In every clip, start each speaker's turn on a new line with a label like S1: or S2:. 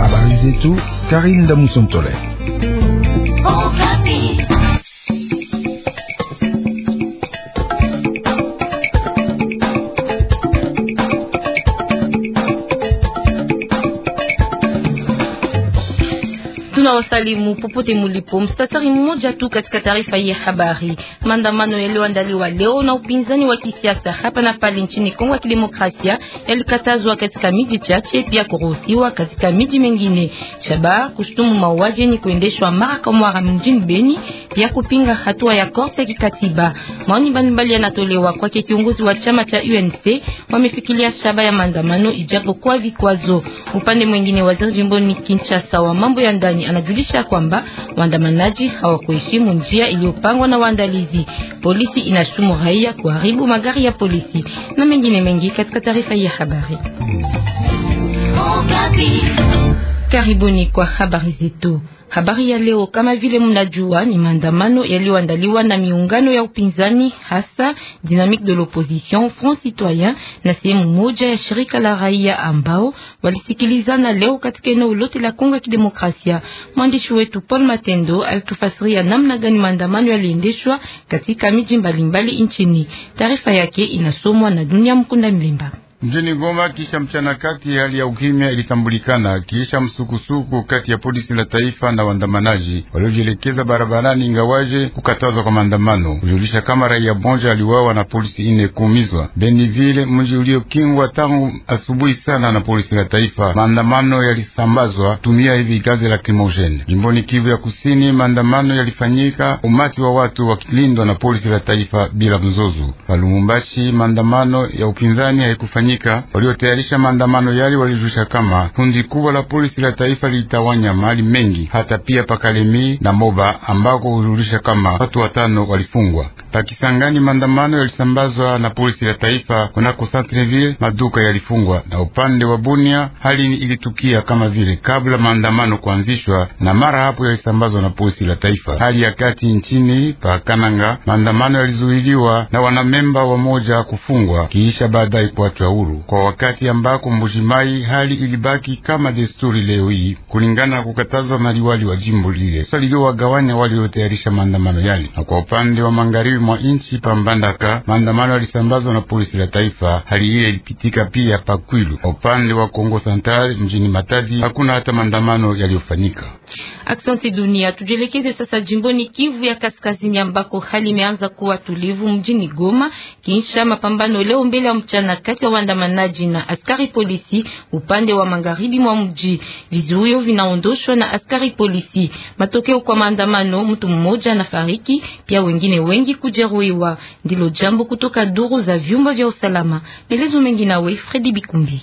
S1: Habari tout, Karine Damusomtole.
S2: tunawasalimu popote mulipo. Mstatari mmoja tu katika taarifa hii ya habari: maandamano yaliyoandaliwa leo na upinzani wa kisiasa hapa na pale nchini Kongo ya Kidemokrasia yalikatazwa katika miji chache, pia kuruhusiwa katika miji mengine. Shaba kushutumu mauaji ni kuendeshwa mara kwa mara mjini Beni, pia kupinga hatua ya korte kikatiba. Maoni mbalimbali yanatolewa kwake. Kiongozi wa chama cha UNC wamefikilia shaba ya maandamano ijapokuwa vikwazo. Upande mwingine, waziri jimboni Kinshasa wa mambo ya ndani wanajulisha kwamba waandamanaji hawakuheshimu njia iliyopangwa na waandalizi. Polisi inashumu raia kuharibu magari ya polisi na mengine mengi katika taarifa hii ya habari. Oh, Karibuni kwa habari zetu. Habari ya leo, kama vile mnajua, ni maandamano yaliyoandaliwa na miungano ya upinzani hasa Dynamique de l'Opposition, Front Citoyen na sehemu moja ya shirika la raia ambao walisikilizana leo katika eneo lote la Kongo ya Kidemokrasia. Mwandishi wetu Paul Matendo alitufasiria namna gani maandamano yaliendeshwa katika miji mbalimbali nchini. Taarifa yake inasomwa na Dunia Mkunda Mlimba
S1: mjini Goma kisha mchana kati, hali ya ukimya ilitambulikana kisha msukusuku kati ya polisi la taifa na waandamanaji waliojielekeza barabarani, ingawaje kukatazwa kwa maandamano. Kujulisha kama raia mmoja aliwawa na polisi ine kuumizwa Beni vile, mji uliokingwa tangu asubuhi sana na polisi la taifa. Maandamano yalisambazwa tumia hivi gazi la kimojene. Jimboni Kivu ya Kusini, maandamano yalifanyika, umati wa watu wakilindwa na polisi la taifa bila mzozo. Palumumbashi, maandamano ya upinzani haikufanyika kufanyika. waliotayarisha maandamano yale walizusha kama kundi kubwa la polisi la taifa lilitawanya mali mengi, hata pia pakalemi na Moba ambako hujulisha kama watu watano walifungwa. Pakisangani maandamano yalisambazwa na polisi la taifa. Kunako Centreville maduka yalifungwa, na upande wa Bunia hali ilitukia kama vile kabla maandamano kuanzishwa, na mara hapo yalisambazwa na polisi la taifa. Hali ya kati nchini pa Kananga, maandamano yalizuiliwa na wanamemba wa moja kufungwa kiisha baadaye kuachwa huru, kwa wakati ambako Mbushimai hali ilibaki kama desturi leo hii, kulingana na kukatazwa maliwali wa jimbo lile swalilio wagawanya waliotayarisha maandamano yale, na kwa upande wa mangaribi magharibi mwa inchi pa Mbandaka, maandamano yalisambazwa na polisi la taifa. Hali ile ilipitika pia pa Kwilu, upande wa Kongo Santari mjini Matadi. Hakuna hata maandamano yaliyofanyika.
S2: Asante dunia. Tujielekeze sasa jimboni Kivu ya Kaskazini, ambako hali imeanza kuwa tulivu mjini Goma kisha mapambano leo mbele ya mchana kati ya waandamanaji na askari polisi upande wa magharibi mwa mji. Vizuio vinaondoshwa na askari polisi. Matokeo kwa maandamano, mtu mmoja anafariki, pia wengine wengi kujeruhiwa. Ndilo jambo kutoka duru za vyumba vya usalama. Maelezo mengi nawe Fredi Bikumbi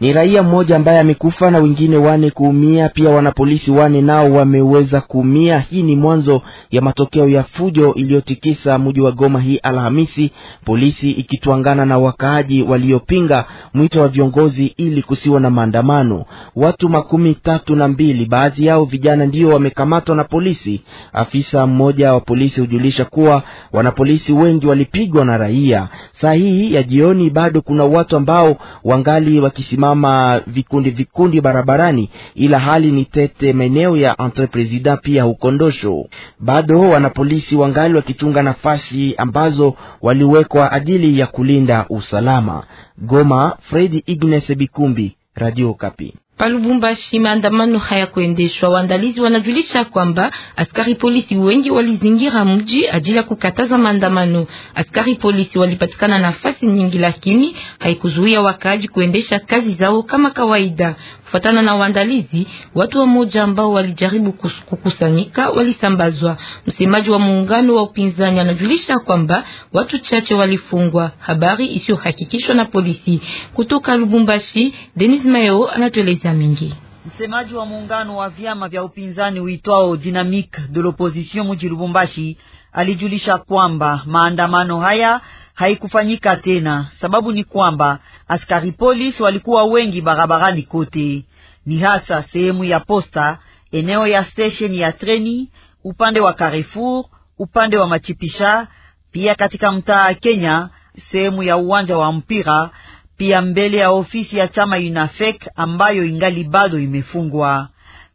S3: ni raia mmoja ambaye amekufa na wengine wane kuumia. Pia wanapolisi wane nao wameweza kuumia. Hii ni mwanzo ya matokeo ya fujo iliyotikisa mji wa Goma hii Alhamisi, polisi ikitwangana na wakaaji waliopinga mwito wa viongozi ili kusiwa na maandamano. Watu makumi tatu na mbili, baadhi yao vijana, ndio wamekamatwa na polisi. Afisa mmoja wa polisi hujulisha kuwa wanapolisi wengi walipigwa na raia. Saa hii ya jioni bado kuna watu ambao wangali wakisimama kusimama vikundi vikundi barabarani, ila hali ni tete maeneo ya Entre President pia huko Ndosho. Bado wanapolisi wangali wakichunga nafasi ambazo waliwekwa ajili ya kulinda usalama. Goma, Fredi Ignace Bikumbi, Radio Kapi.
S2: Palubumbashi maandamano haya kuendeshwa, Waandalizi wanajulisha kwamba askari polisi wengi walizingira mji ajili ya kukataza maandamano. Askari polisi walipatikana nafasi nyingi, lakini haikuzuia wakaaji kuendesha kazi zao kama kawaida. Kufuatana na waandalizi, watu wa moja ambao walijaribu kukusanyika walisambazwa. Msemaji wa muungano wa upinzani anajulisha kwamba watu chache walifungwa, habari isiyohakikishwa na polisi. Kutoka Lubumbashi, Denis Mayo anatueleza. Marta Mingi.
S3: Msemaji wa muungano wa vyama vya upinzani uitwao Dynamique de l'opposition mji Lubumbashi alijulisha kwamba maandamano haya haikufanyika tena. Sababu ni kwamba askari polisi walikuwa wengi barabarani kote, ni hasa sehemu ya posta, eneo ya stesheni ya treni, upande wa Carrefour, upande wa Machipisha, pia katika mtaa Kenya, sehemu ya uwanja wa mpira pia mbele ya ofisi ya chama UNAFEC ambayo ingali bado imefungwa.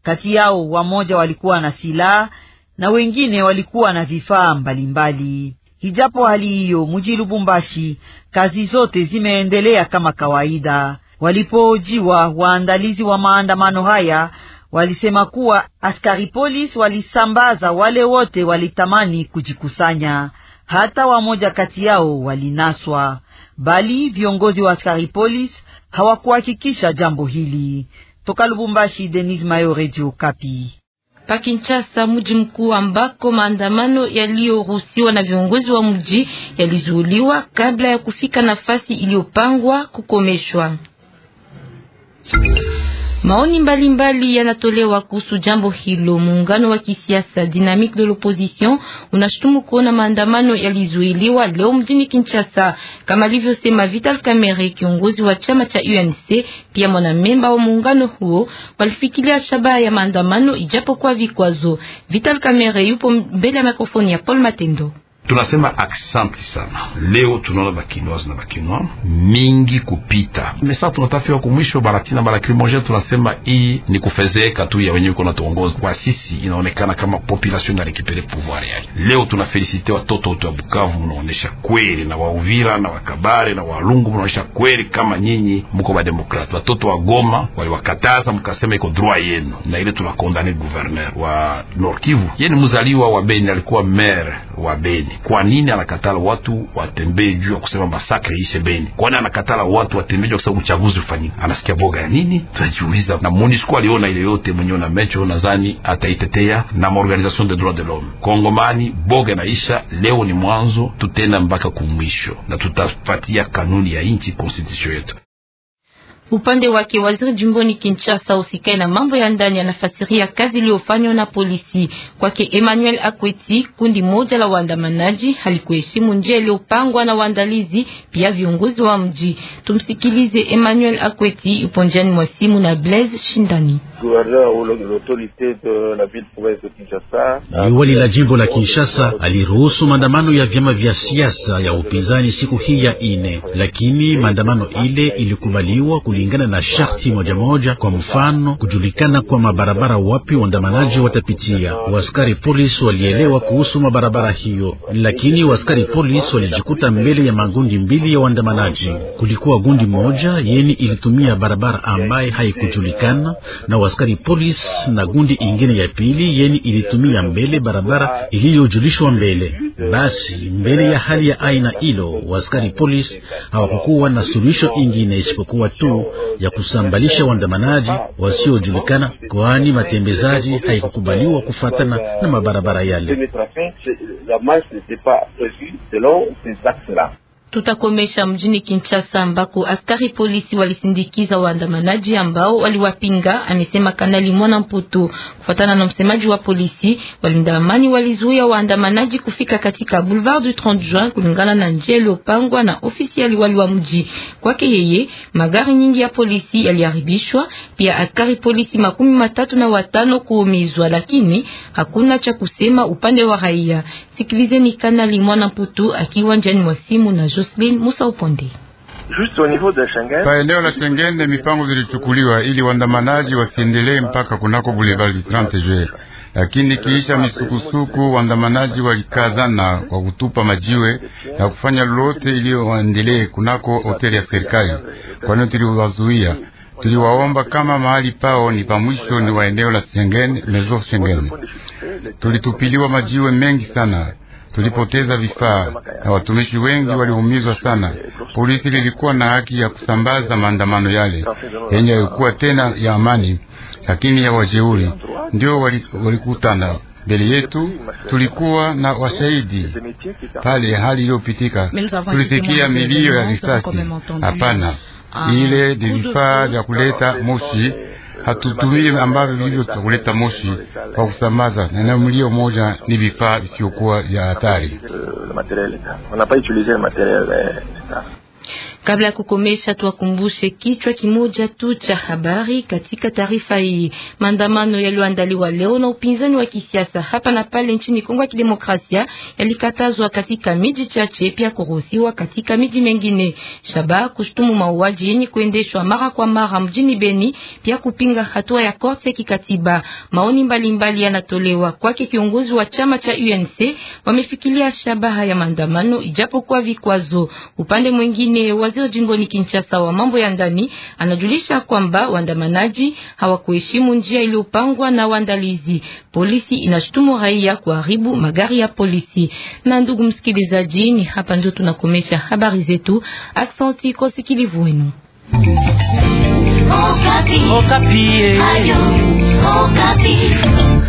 S3: Kati yao wamoja walikuwa na silaha na wengine walikuwa na vifaa mbalimbali. Hijapo hali hiyo, mji Lubumbashi kazi zote zimeendelea kama kawaida. Walipoojiwa waandalizi wa maandamano haya walisema kuwa askari polisi walisambaza wale wote walitamani kujikusanya hata wamoja kati yao walinaswa, bali viongozi wa askari polisi hawakuhakikisha jambo hili. Toka Lubumbashi, Denis Mayo, Redio Kapi.
S2: Pakinshasa, mji mkuu ambako maandamano yaliyoruhusiwa na viongozi wa mji yalizuuliwa kabla ya kufika nafasi iliyopangwa kukomeshwa. Maoni mbalimbali yanatolewa kuhusu jambo hilo. Muungano wa kisiasa Dynamique de l'Opposition unashutumu kuona maandamano yalizuiliwa leo mjini Kinshasa, kama alivyosema Vital Kamerhe, kiongozi wa chama cha UNC, pia mwanamemba wa muungano huo. Walifikilia shabaha ya maandamano ijapokuwa vikwazo. Vital Kamerhe yupo mbele ya mikrofoni ya Paul Matendo
S1: tunasema aksanti sana. Leo tunaona bakinoise na bakinoa mingi kupita mesa, tunatafiwa kumwisho baratina barakrimoje. Tunasema hii ni kufezeka tu ya wenyewe kuna tuongoza kwa sisi, inaonekana kama population na rekipere pouvoir yake. Leo tunafelisite watoto wote wa Bukavu, mnaonesha kweli na wauvira na wakabare na walungu, mnaonesha kweli kama nyinyi mko ba Watoto wa Goma waliwakataza mkasema iko droit yenu, na ile tunakondane gouverneur wa Nord Kivu, yeye ni mzaliwa wa Beni, alikuwa maire wa Beni kwa nini anakatala watu watembee juu ya kusema masakre ishe Beni? Kwa nini anakatala watu watembee juu ya kusema uchaguzi ufanyike? Anasikia boga ya nini? Tunajiuliza. Na MONUSCO aliona ile yote mwenyewe na mecho, nadhani ataitetea na maorganisation de droit de l'homme. Kongomani boga naisha, leo ni mwanzo, tutenda mpaka kumwisho, na tutafatia kanuni ya nchi, constitution yetu.
S2: Upande wake waziri jimboni Kinshasa usikae na mambo ya ndani anafasiria kazi iliyofanywa na polisi. Kwake Emmanuel Akweti, kundi moja la waandamanaji halikuheshimu njia iliyopangwa na waandalizi, pia viongozi wa mji. Tumsikilize Emmanuel Akweti, uponjani njiani mwa simu na Blaise Shindani
S1: gouverneur ou l'autorité de la ville province de Kinshasa, liwali la jimbo la Kinshasa aliruhusu maandamano ya vyama vya siasa ya upinzani siku hii ya ine, lakini maandamano ile ilikubaliwa kulingana na sharti moja moja, kwa mfano kujulikana kwa mabarabara wapi waandamanaji watapitia. Waskari polisi walielewa kuhusu mabarabara hiyo, lakini waskari polisi walijikuta mbele ya magundi mbili ya waandamanaji. Kulikuwa gundi moja yeni ilitumia barabara ambaye haikujulikana na waskari polisi na gundi ingine ya pili yeni ilitumia mbele barabara iliyojulishwa mbele. Basi mbele ya hali ya aina hilo, waskari polisi hawakukuwa na suluhisho ingine isipokuwa tu ya kusambalisha waandamanaji wasiojulikana, kwani matembezaji haikukubaliwa kufatana na mabarabara yale.
S2: Tutakomesha mjini Kinshasa ambako askari polisi walisindikiza waandamanaji ambao waliwapinga, amesema Kanali Mwana Mputu. Kufuatana na msemaji wa polisi, walinda amani walizuia waandamanaji kufika katika Boulevard du 30 Juin kulingana na njia iliyopangwa na ofisi ya liwali wa mji. Kwake yeye, magari nyingi ya polisi yaliharibishwa, pia askari polisi makumi matatu na watano kuumizwa, lakini hakuna cha kusema upande wa raia. Sikilizeni Kanali Mwana Mputu akiwa njiani mwa simu na Jocelyn Musa Upondi.
S1: Pa eneo la Shengene mipango zilichukuliwa ili waandamanaji wasiendelee mpaka kunako Boulevard 30 Juillet, lakini kiisha misukusuku waandamanaji walikazana kwa kutupa majiwe na kufanya lolote ili waendelee kunako hoteli ya serikali. Kwa nini tuliwazuia? Tuliwaomba kama mahali pao ni pa mwisho ni wa eneo la Shengene, mezo Shengene. Tulitupiliwa majiwe mengi sana tulipoteza vifaa na watumishi wengi waliumizwa sana. Polisi lilikuwa na haki ya kusambaza maandamano yale yenye yalikuwa tena ya amani, lakini ya wajeuri ndio walikutana mbele yetu. Tulikuwa na washahidi pale hali iliyopitika, tulisikia milio ya risasi. Hapana, ah, ile ni vifaa vya kuleta moshi hatutumie ambavyo vilivyo kuleta moshi kwa kusambaza, na eneo mlio moja ni vifaa visiokuwa vya hatari.
S2: Kabla ya kukomesha, tuwakumbushe kichwa kimoja tu cha habari katika taarifa hii. Maandamano yaliyoandaliwa leo na upinzani wa kisiasa hapa na pale nchini Kongo ya Kidemokrasia yalikatazwa katika miji chache, pia kuruhusiwa katika miji mengine. Shaba kushtumu mauaji yenye kuendeshwa mara kwa mara mjini Beni, pia kupinga hatua ya korti kikatiba. Maoni mbalimbali yanatolewa kwake. Kiongozi wa chama cha UNC Wamefikilia shabaha ya maandamano ijapokuwa vikwazo. Upande mwingine wa waziri jimboni Kinshasa wa mambo ya ndani anajulisha kwamba waandamanaji hawakuheshimu njia iliyopangwa na waandalizi. Polisi inashutumu raia kuharibu magari ya polisi. Na ndugu msikilizaji, ni hapa ndio tunakomesha habari zetu. Aksanti kwa usikilivu wenu. Okapi. Okapi. Eh. Ayo. Okapi.